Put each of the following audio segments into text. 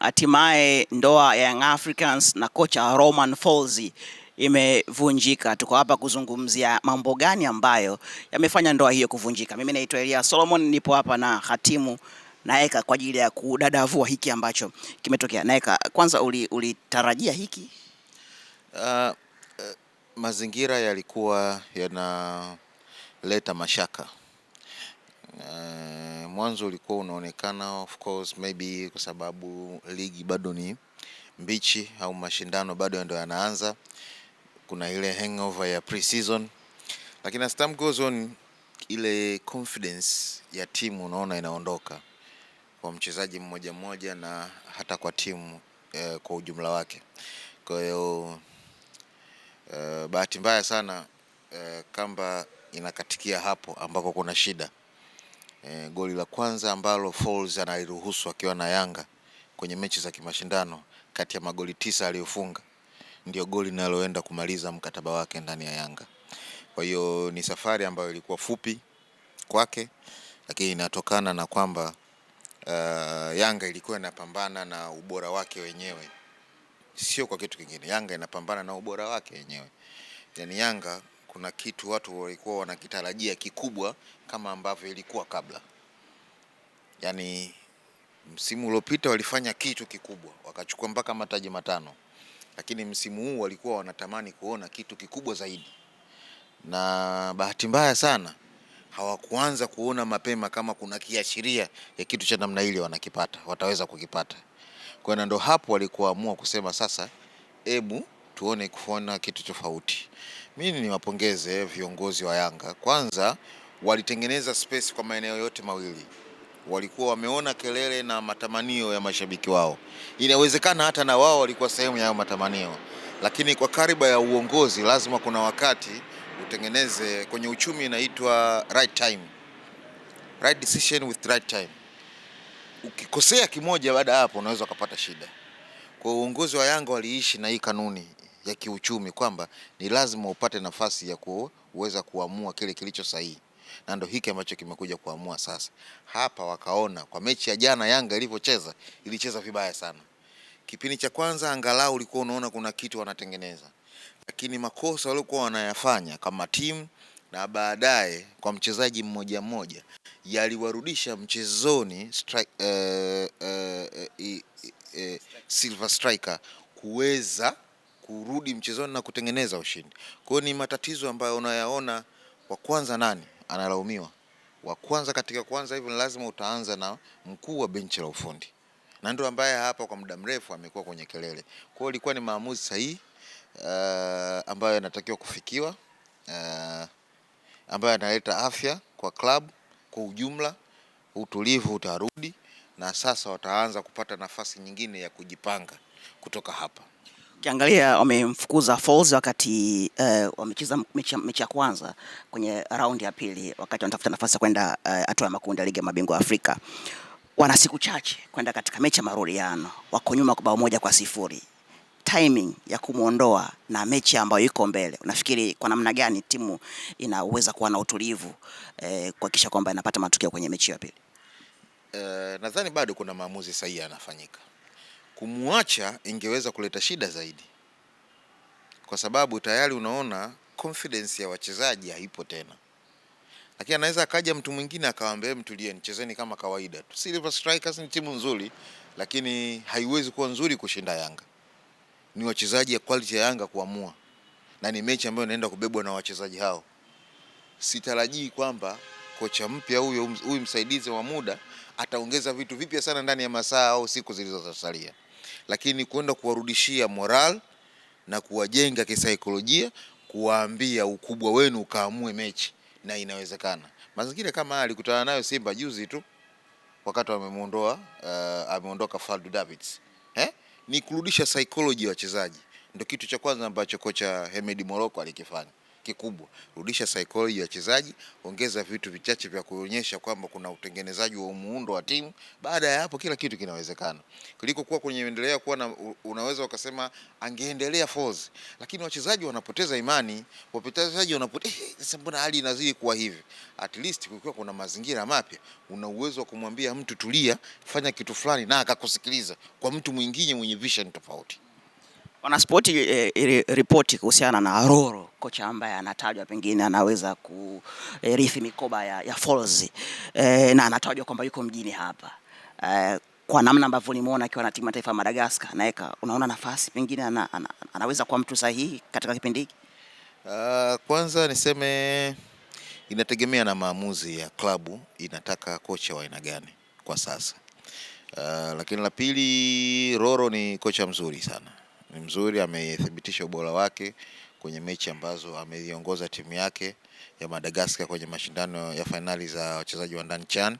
Hatimaye ndoa ya Young Africans na kocha Roman Folz imevunjika. Tuko hapa kuzungumzia mambo gani ambayo yamefanya ndoa hiyo kuvunjika. Mimi naitwa Elia Solomon, nipo hapa na hatimu Naeka kwa ajili ya kudadavua hiki ambacho kimetokea. Naeka, kwanza ulitarajia uli hiki? Uh, uh, mazingira yalikuwa yanaleta mashaka mwanzo ulikuwa unaonekana of course maybe kwa sababu ligi bado ni mbichi au mashindano bado ndio yanaanza, kuna ile hangover ya pre-season, lakini as time goes on ile confidence ya timu unaona inaondoka kwa mchezaji mmoja mmoja na hata kwa timu eh, kwa ujumla wake. Kwa hiyo eh, bahati mbaya sana eh, kamba inakatikia hapo ambako kuna shida e, goli la kwanza ambalo Falls analiruhusu akiwa na Yanga kwenye mechi za kimashindano kati ya magoli tisa aliyofunga ndio goli linaloenda kumaliza mkataba wake ndani ya Yanga. Kwa hiyo ni safari ambayo ilikuwa fupi kwake, lakini inatokana na kwamba uh, Yanga ilikuwa inapambana na ubora wake wenyewe, sio kwa kitu kingine. Yanga inapambana na ubora wake wenyewe, yaani Yanga kuna kitu watu walikuwa wanakitarajia kikubwa kama ambavyo ilikuwa kabla. Yaani msimu uliopita walifanya kitu kikubwa, wakachukua mpaka mataji matano, lakini msimu huu walikuwa wanatamani kuona kitu kikubwa zaidi, na bahati mbaya sana hawakuanza kuona mapema kama kuna kiashiria ya kitu cha namna ile wanakipata, wataweza kukipata. Kwa hiyo ndo hapo walikuamua kusema sasa, hebu tuone kufona kitu tofauti. Mimi niwapongeze viongozi wa Yanga, kwanza walitengeneza space kwa maeneo yote mawili walikuwa wameona kelele na matamanio ya mashabiki wao. Inawezekana hata na wao walikuwa sehemu ya hayo matamanio, lakini kwa kariba ya uongozi lazima kuna wakati utengeneze, kwenye uchumi inaitwa right time, right decision with right time. Ukikosea kimoja, baada ya hapo unaweza ukapata shida. Kwa uongozi wa Yanga waliishi na hii kanuni ya kiuchumi kwamba ni lazima upate nafasi ya kuweza kuamua kile kilicho sahihi, na ndo hiki ambacho kimekuja kuamua sasa hapa. Wakaona kwa mechi ya jana Yanga ilivyocheza, ilicheza vibaya sana. Kipindi cha kwanza angalau ulikuwa unaona kuna kitu wanatengeneza, lakini makosa waliokuwa wanayafanya kama timu na baadaye kwa mchezaji mmoja mmoja yaliwarudisha mchezoni strike, uh, uh, eh, uh, eh, uh, eh, uh, Silver Striker kuweza kurudi mchezoni na kutengeneza ushindi. Kwa hiyo ni matatizo ambayo unayaona, wa kwanza nani analaumiwa? Wa kwanza katika kwanza hivyo, lazima utaanza na mkuu wa benchi la ufundi, na ndio ambaye hapa kwa muda mrefu amekuwa kwenye kelele. Kwa hiyo ilikuwa ni maamuzi sahihi uh, ambayo yanatakiwa kufikiwa uh, ambayo yanaleta afya kwa klabu kwa ujumla, utulivu utarudi na sasa wataanza kupata nafasi nyingine ya kujipanga kutoka hapa. Ukiangalia wamemfukuza Folz wakati uh, wamecheza mechi, mechi ya kwanza kwenye raundi ya pili wakati wanatafuta nafasi ya kwenda eh, hatua uh, ya makundi ya ligi ya mabingwa Afrika. Wana siku chache kwenda katika mechi ya marudiano, wako nyuma kwa bao moja kwa sifuri. Timing ya kumwondoa na mechi ambayo iko mbele, unafikiri kwa namna gani timu inaweza kuwa na utulivu eh, kuhakikisha kwamba inapata matokeo kwenye mechi ya pili? Uh, nadhani bado kuna maamuzi sahihi yanafanyika Kumwacha ingeweza kuleta shida zaidi, kwa sababu tayari unaona confidence ya wachezaji haipo tena, lakini anaweza akaja mtu mwingine akawaambia mtulieni, nichezeni kama kawaida tu. Silver Strikers ni timu nzuri, lakini haiwezi kuwa nzuri kushinda Yanga. Ni wachezaji ya quality ya Yanga kuamua, na ni mechi ambayo inaenda kubebwa na wachezaji hao. Sitarajii kwamba kocha mpya huyo huyu msaidizi wa muda ataongeza vitu vipya sana ndani ya masaa au siku zilizosalia lakini kwenda kuwarudishia moral na kuwajenga kisaikolojia, kuwaambia ukubwa wenu ukaamue mechi na inawezekana. Mazingira kama haya alikutana nayo Simba juzi tu wakati amemuondoa uh, eh, ameondoka Faldu Davids eh? Ni kurudisha saikolojia ya wachezaji, ndio kitu cha kwanza ambacho kocha Hemedi Moroko alikifanya kikubwa. Rudisha saikolojia ya wachezaji, ongeza vitu vichache vya kuonyesha kwamba kuna utengenezaji wa muundo wa timu. Baada ya hapo, kila kitu kinawezekana, kuliko kuwa kwenye endelea kuwa na, unaweza ukasema angeendelea Folz, lakini wachezaji wanapoteza imani, wachezaji wanapoteza eh, sasa, mbona hali inazidi kuwa hivi? At least kukiwa kuna mazingira mapya, una uwezo wa kumwambia mtu tulia, fanya kitu fulani, na akakusikiliza kwa mtu mwingine mwenye vision tofauti. Wanaspoti e, e, ripoti kuhusiana na Roro, kocha ambaye anatajwa pengine anaweza kurithi eh, mikoba ya, ya Folz e, na anatajwa kwamba yuko mjini hapa e, kwa namna ambavyo nimeona akiwa na timu ya taifa ya Madagascar, naeka unaona nafasi pengine ana, ana, anaweza kuwa mtu sahihi katika kipindi hiki. Uh, kwanza niseme inategemea na maamuzi ya klabu inataka kocha wa aina gani kwa sasa. Uh, lakini la pili Roro ni kocha mzuri sana ni mzuri, amethibitisha ubora wake kwenye mechi ambazo ameiongoza timu yake ya Madagascar kwenye mashindano ya fainali za wachezaji wa ndani CHAN.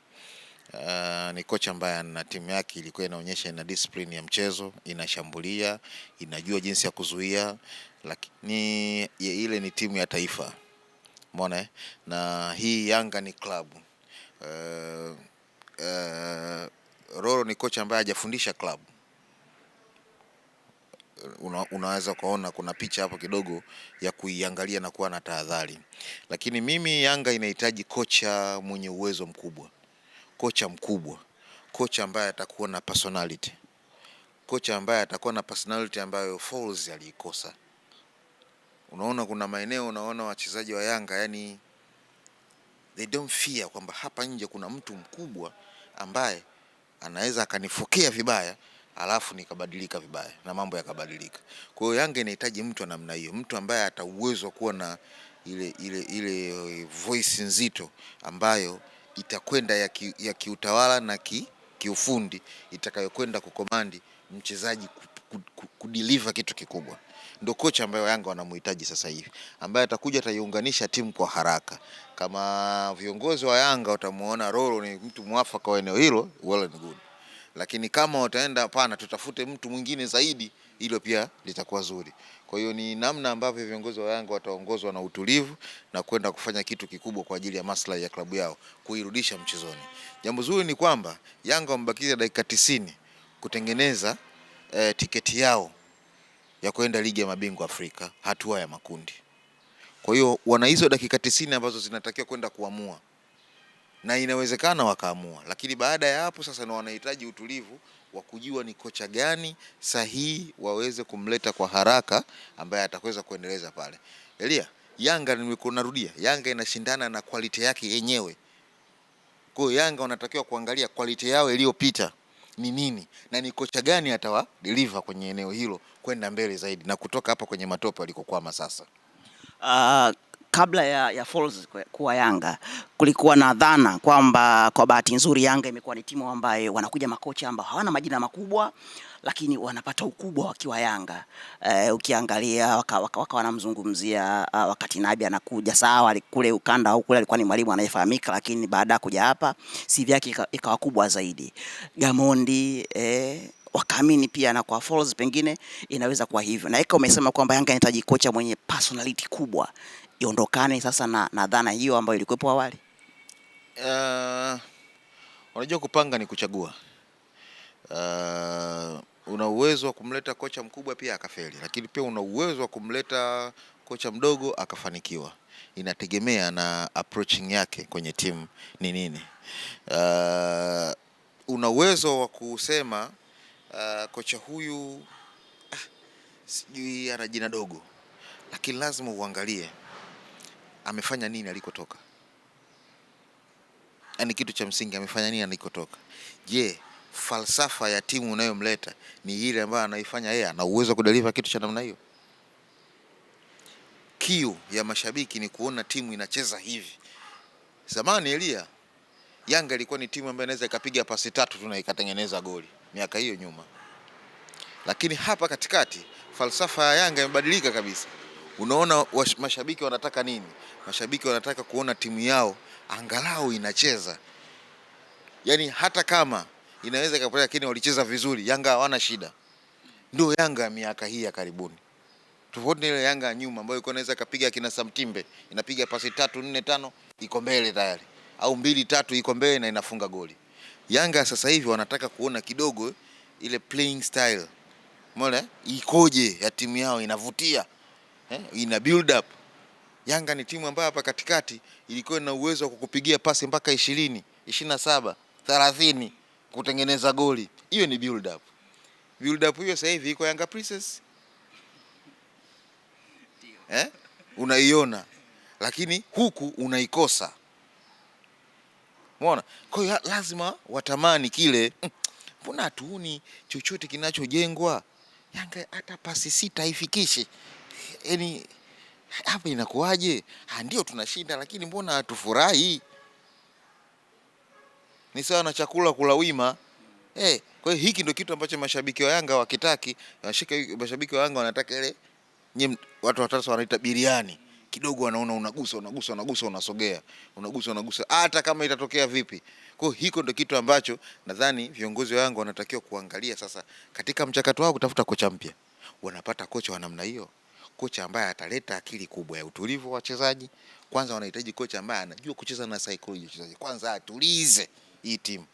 Uh, ni kocha ambaye ana timu yake ilikuwa inaonyesha ina discipline ya mchezo, inashambulia, inajua jinsi ya kuzuia, lakini ile ni timu ya taifa mona, eh? na hii Yanga ni klabu. Uh, uh, ah, Roro ni kocha ambaye hajafundisha klabu, una, unaweza ukaona kuna picha hapo kidogo ya kuiangalia na kuwa na tahadhari, lakini mimi Yanga inahitaji kocha mwenye uwezo mkubwa, kocha mkubwa, kocha ambaye atakuwa na personality, kocha ambaye atakuwa na personality ambayo Folz aliikosa. Unaona, kuna maeneo unaona wachezaji wa Yanga yani they don't fear kwamba hapa nje kuna mtu mkubwa ambaye anaweza akanifokea vibaya alafu nikabadilika vibaya na mambo yakabadilika. Kwa hiyo Yanga inahitaji mtu wa namna hiyo, mtu ambaye ata uwezo wa kuwa na ile, ile, ile eh, voice nzito ambayo itakwenda ya, ki, ya kiutawala na ki, kiufundi itakayokwenda kukomandi mchezaji kudeliver kitu kikubwa. Ndio kocha ambaye Yanga wanamhitaji sasa hivi, ambaye atakuja ataiunganisha timu kwa haraka. Kama viongozi wa Yanga watamuona Rolo ni mtu mwafaka wa eneo hilo, well and good lakini kama wataenda hapana, tutafute mtu mwingine zaidi, hilo pia litakuwa zuri. Kwa hiyo ni namna ambavyo viongozi wa Yanga wataongozwa na utulivu na kwenda kufanya kitu kikubwa kwa ajili ya maslahi ya klabu yao, kuirudisha mchezoni. Jambo zuri ni kwamba Yanga wamebakiza dakika tisini kutengeneza eh, tiketi yao ya kwenda ligi ya mabingwa Afrika hatua ya makundi. Kwa hiyo wana hizo dakika tisini ambazo zinatakiwa kwenda kuamua na inawezekana wakaamua, lakini baada ya hapo sasa ndio wanahitaji utulivu wa kujua ni kocha gani sahihi waweze kumleta kwa haraka ambaye ataweza kuendeleza pale. Elia, Yanga kunarudia Yanga inashindana na quality yake yenyewe. Kwa hiyo Yanga wanatakiwa kuangalia quality yao iliyopita ni nini na ni kocha gani atawa deliver kwenye eneo hilo kwenda mbele zaidi na kutoka hapa kwenye matope alikokwama sasa. Uh kabla ya, ya Falls kuwa Yanga kulikuwa na dhana kwamba kwa bahati nzuri Yanga imekuwa ni timu ambayo wanakuja makocha ambao hawana majina makubwa lakini wanapata ukubwa wakiwa Yanga. E, ukiangalia waka, waka, waka ah, wakati Nabi anakuja sawa, kule ukanda au kule alikuwa ni mwalimu anayefahamika, lakini baada ya kuja hapa CV yake ikawa kubwa zaidi. Gamondi e, wakaamini pia na kwa Falls pengine inaweza kuwa hivyo, na eka umesema kwamba Yanga inahitaji kocha mwenye personality kubwa iondokane sasa na, na dhana hiyo ambayo ilikuwepo awali? Uh, unajua kupanga ni kuchagua. Uh, una uwezo wa kumleta kocha mkubwa pia akafeli, lakini pia una uwezo wa kumleta kocha mdogo akafanikiwa. Inategemea na approaching yake kwenye timu ni nini. Uh, una uwezo wa kusema uh, kocha huyu ah, sijui ana jina dogo, lakini lazima uangalie amefanya nini alikotoka, yaani kitu cha msingi amefanya nini alikotoka. Je, falsafa ya timu unayomleta ni ile ambayo anaifanya yeye? Ana uwezo wa kudeliver kitu cha namna hiyo? Kiu ya mashabiki ni kuona timu inacheza hivi. Zamani Elia, Yanga ilikuwa ni timu ambayo inaweza ikapiga pasi tatu tu na ikatengeneza goli miaka hiyo nyuma, lakini hapa katikati falsafa ya Yanga imebadilika kabisa. Unaona mashabiki wanataka nini? Mashabiki wanataka kuona timu yao angalau inacheza, yaani hata kama inaweza ikapotea, lakini walicheza vizuri. Yanga hawana shida, ndio Yanga ya miaka hii ya karibuni, tofauti na ile Yanga ya nyuma ambayo ilikuwa inaweza ikapiga kina Samtimbe, inapiga pasi tatu nne tano, iko mbele tayari, au mbili tatu, iko mbele na inafunga goli. Yanga sasa hivi wanataka kuona kidogo ile playing style mole ikoje ya timu yao inavutia eh, ina build up. Yanga ni timu ambayo hapa katikati ilikuwa ina uwezo wa kukupigia pasi mpaka ishirini, ishirini na saba, thelathini kutengeneza goli. Hiyo ni build up. Build up hiyo sasa hivi iko Yanga Princess eh? Unaiona, lakini huku unaikosa. Umeona? Kwa hiyo lazima watamani kile, mm, mbona hatuoni chochote kinachojengwa Yanga hata pasi sita haifikishi yani hapa inakuwaje? Ah, ndio tunashinda, lakini mbona hatufurahi? Ni sawa na chakula kula wima hey. Eh, kwa hiyo hiki ndio kitu ambacho mashabiki wa Yanga wakitaki, washika mashabiki wa Yanga wanataka ile nye, watu watatu wanaita biriani kidogo, wanaona unagusa unagusa unagusa, unasogea unagusa unagusa, hata kama itatokea vipi. Kwa hiyo hiko ndio kitu ambacho nadhani viongozi wa Yanga wanatakiwa kuangalia sasa katika mchakato wao kutafuta kocha mpya, wanapata kocha wa namna hiyo kocha ambaye ataleta akili kubwa ya utulivu wa wachezaji. Kwanza wanahitaji kocha ambaye anajua kucheza na saikolojia wachezaji, kwanza atulize hii timu,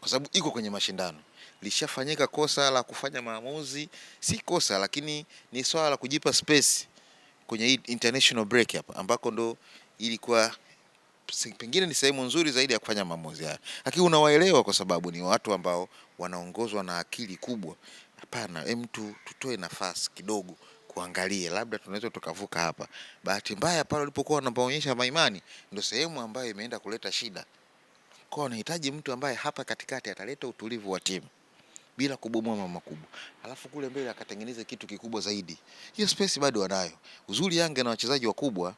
kwa sababu iko kwenye mashindano. Lishafanyika kosa la kufanya maamuzi, si kosa, lakini ni swala la kujipa space kwenye international break hapa, ambako ndo ilikuwa pengine ni sehemu nzuri zaidi ya kufanya maamuzi hayo, lakini unawaelewa kwa sababu ni watu ambao wanaongozwa na akili kubwa. Hapana, hem, tu tutoe nafasi kidogo kuangalia, labda tunaweza tukavuka hapa. Bahati mbaya pale ulipokuwa unapoonyesha maimani, ndio sehemu ambayo imeenda kuleta shida kwa, anahitaji mtu ambaye hapa katikati ataleta utulivu wa timu bila kubomoa mama kubwa, alafu kule mbele akatengeneza kitu kikubwa zaidi. Hiyo space bado wanayo. Uzuri Yanga na wachezaji wakubwa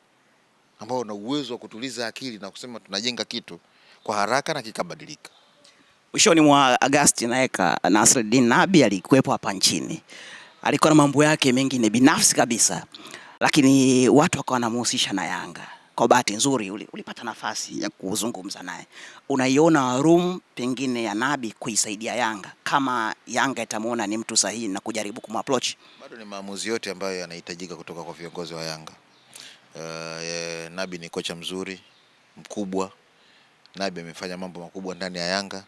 ambao wana uwezo wa kutuliza akili na kusema tunajenga kitu kwa haraka na kikabadilika. Mwishoni mwa Agasti naeka Nasreddin Nabi alikuwepo hapa nchini alikuwa na mambo yake mengine binafsi kabisa, lakini watu wakawa wanamhusisha na Yanga. Kwa bahati nzuri ulipata nafasi ya kuzungumza naye, unaiona room pengine ya Nabi kuisaidia Yanga kama Yanga itamwona ni mtu sahihi na kujaribu kumapproach? Bado ni maamuzi yote ambayo yanahitajika kutoka kwa viongozi wa Yanga. Uh, Nabi ni kocha mzuri mkubwa. Nabi amefanya mambo makubwa ndani ya Yanga,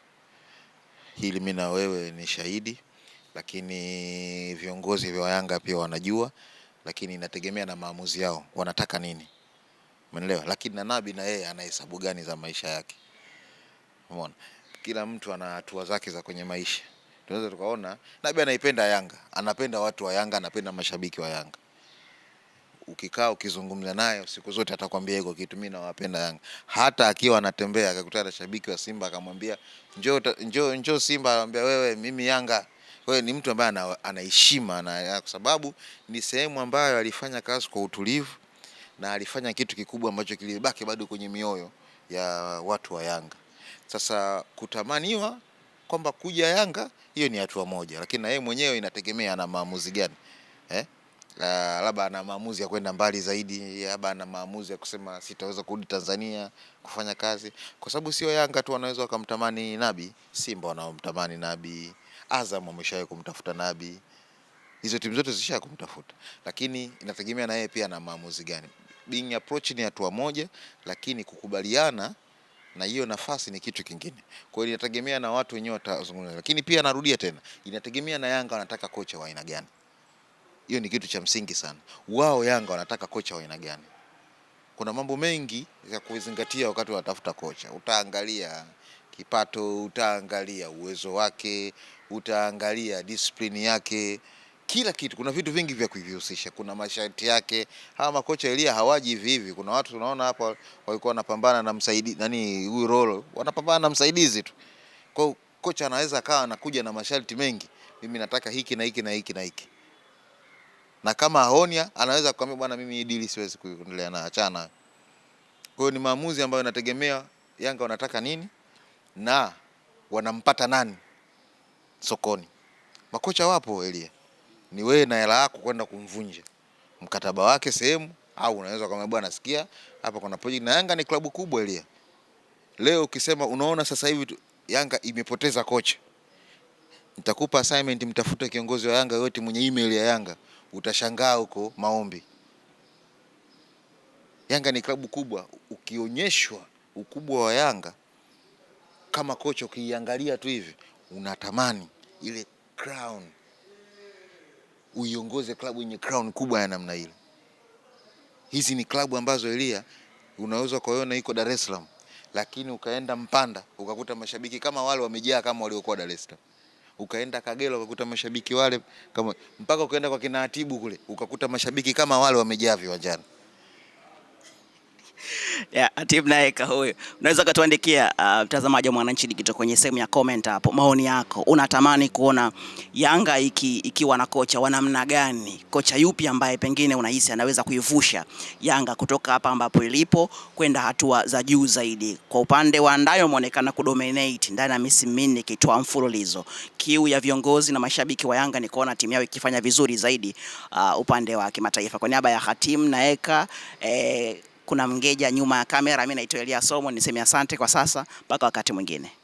hili mimi na wewe ni shahidi lakini viongozi vya Yanga pia wanajua, lakini inategemea na maamuzi yao, wanataka nini, umeelewa? Lakini na Nabi na yeye ana hesabu gani za maisha yake? Umeona, kila mtu ana hatua zake za kwenye maisha. Tunaweza tukaona Nabi anaipenda Yanga, anapenda watu wa Yanga, anapenda mashabiki wa Yanga. Ukikaa ukizungumza naye siku zote atakwambia hiyo kitu, mimi nawapenda Yanga. Hata akiwa anatembea akakutana na shabiki wa Simba akamwambia njoo njoo njoo Simba, anamwambia wewe, mimi Yanga. Kwa hiyo ni mtu ambaye anaheshima na kwa sababu ni sehemu ambayo alifanya kazi kwa utulivu na alifanya kitu kikubwa ambacho kilibaki bado kwenye mioyo ya watu wa Yanga. Sasa kutamaniwa kwamba kuja Yanga hiyo ni hatua moja, lakini na yeye mwenyewe inategemea ana maamuzi gani eh? Labda ana maamuzi ya kwenda mbali zaidi, labda ana maamuzi ya kusema sitaweza kurudi Tanzania kufanya kazi, kwa sababu sio Yanga tu wanaweza wakamtamani Nabi, Simba wanamtamani Nabi. Azam ameshawahi kumtafuta Nabi, hizo timu zote zishawahi kumtafuta, lakini inategemea na yeye pia na maamuzi gani. Being approach ni hatua moja, lakini kukubaliana na hiyo nafasi ni kitu kingine. Kwa hiyo inategemea na watu wenyewe watazungumza, lakini pia narudia tena, inategemea na Yanga wanataka kocha wa aina gani. Hiyo ni kitu cha msingi sana. Wao Yanga wanataka kocha wa aina gani? Kuna mambo mengi ya kuzingatia wakati wanatafuta kocha. Utaangalia kipato, utaangalia uwezo wake, utaangalia disiplini yake, kila kitu. Kuna vitu vingi vya kuvihusisha, kuna masharti yake. Hawa makocha Elia hawaji hivi hivi. Kuna watu tunaona hapa walikuwa wanapambana na msaidizi, nani huyu Rolo, wanapambana na msaidizi tu. Kwa kocha anaweza akawa anakuja na masharti mengi, mimi nataka hiki na hiki na hiki na hiki, na kama aonia anaweza kukwambia bwana, mimi hii dili siwezi kuendelea na achana. Kwa hiyo ni maamuzi ambayo inategemea Yanga wanataka nini na wanampata nani sokoni. Makocha wapo elia ni wewe na hela yako kwenda kumvunja mkataba wake sehemu, au unaweza kama bwana, sikia hapa kuna project na Yanga ni klabu kubwa Elia. Leo ukisema unaona sasa hivi Yanga imepoteza kocha, nitakupa assignment, mtafute kiongozi wa Yanga yote mwenye email ya Yanga, utashangaa huko maombi. Yanga ni klabu kubwa, ukionyeshwa ukubwa wa Yanga kama kocha, ukiiangalia tu hivi unatamani ile crown uiongoze klabu yenye crown kubwa ya namna ile. Hizi ni klabu ambazo Elia unaweza kuiona iko Dar es Salaam, lakini ukaenda Mpanda ukakuta mashabiki kama wale wamejaa kama waliokuwa Dar es Salaam, ukaenda Kagera ukakuta mashabiki wale kama, mpaka ukaenda kwa kinaatibu kule ukakuta mashabiki kama wale wamejaa viwanjani. Yeah, Atibu Naeka huyo. Unaweza ukatuandikia uh, mtazamaji uh, wa Mwananchi Digital kwenye sehemu ya comment hapo maoni yako. Unatamani kuona Yanga iki, ikiwa na kocha wa namna gani? Kocha yupi ambaye pengine unahisi anaweza kuivusha Yanga kutoka hapa ambapo ilipo kwenda hatua za juu zaidi? Kwa upande wa Ndayo ameonekana kudominate ndani ya misimu minne ikitoa mfululizo. Kiu ya viongozi na mashabiki wa Yanga ni kuona timu yao ikifanya vizuri zaidi uh, upande wa kimataifa. Kwa niaba ya Hatim Naeka eh, kuna mngeja nyuma ya kamera. Mimi naitwa Elia Somo, niseme asante kwa sasa, mpaka wakati mwingine.